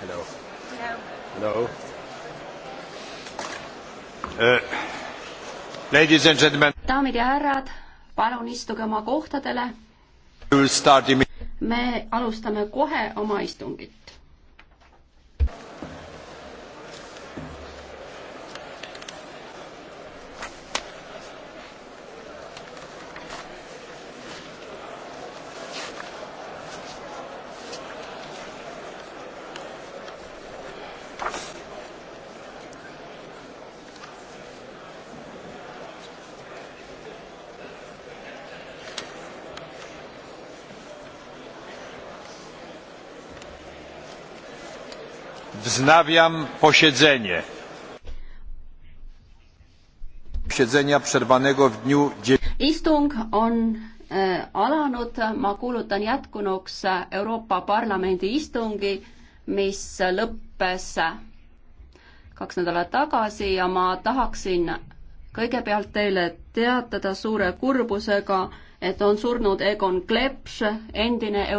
Hello. Hello. Hello. Hello. Eh, ladies and gentlemen. daamid ja härrad, palun istuge oma kohtadele. me alustame kohe oma istungit. Wznawiam posiedzenie. Posiedzenia przerwanego w dniu... Istung on e, alanud, ma kuulutan jätkunuks Euroopa Parlamendi istungi, mis lõppes kaks nädalat tagasi ja ma tahaksin kõigepealt teile teatada suure kurbusega, et on surnud Egon Kleps, endine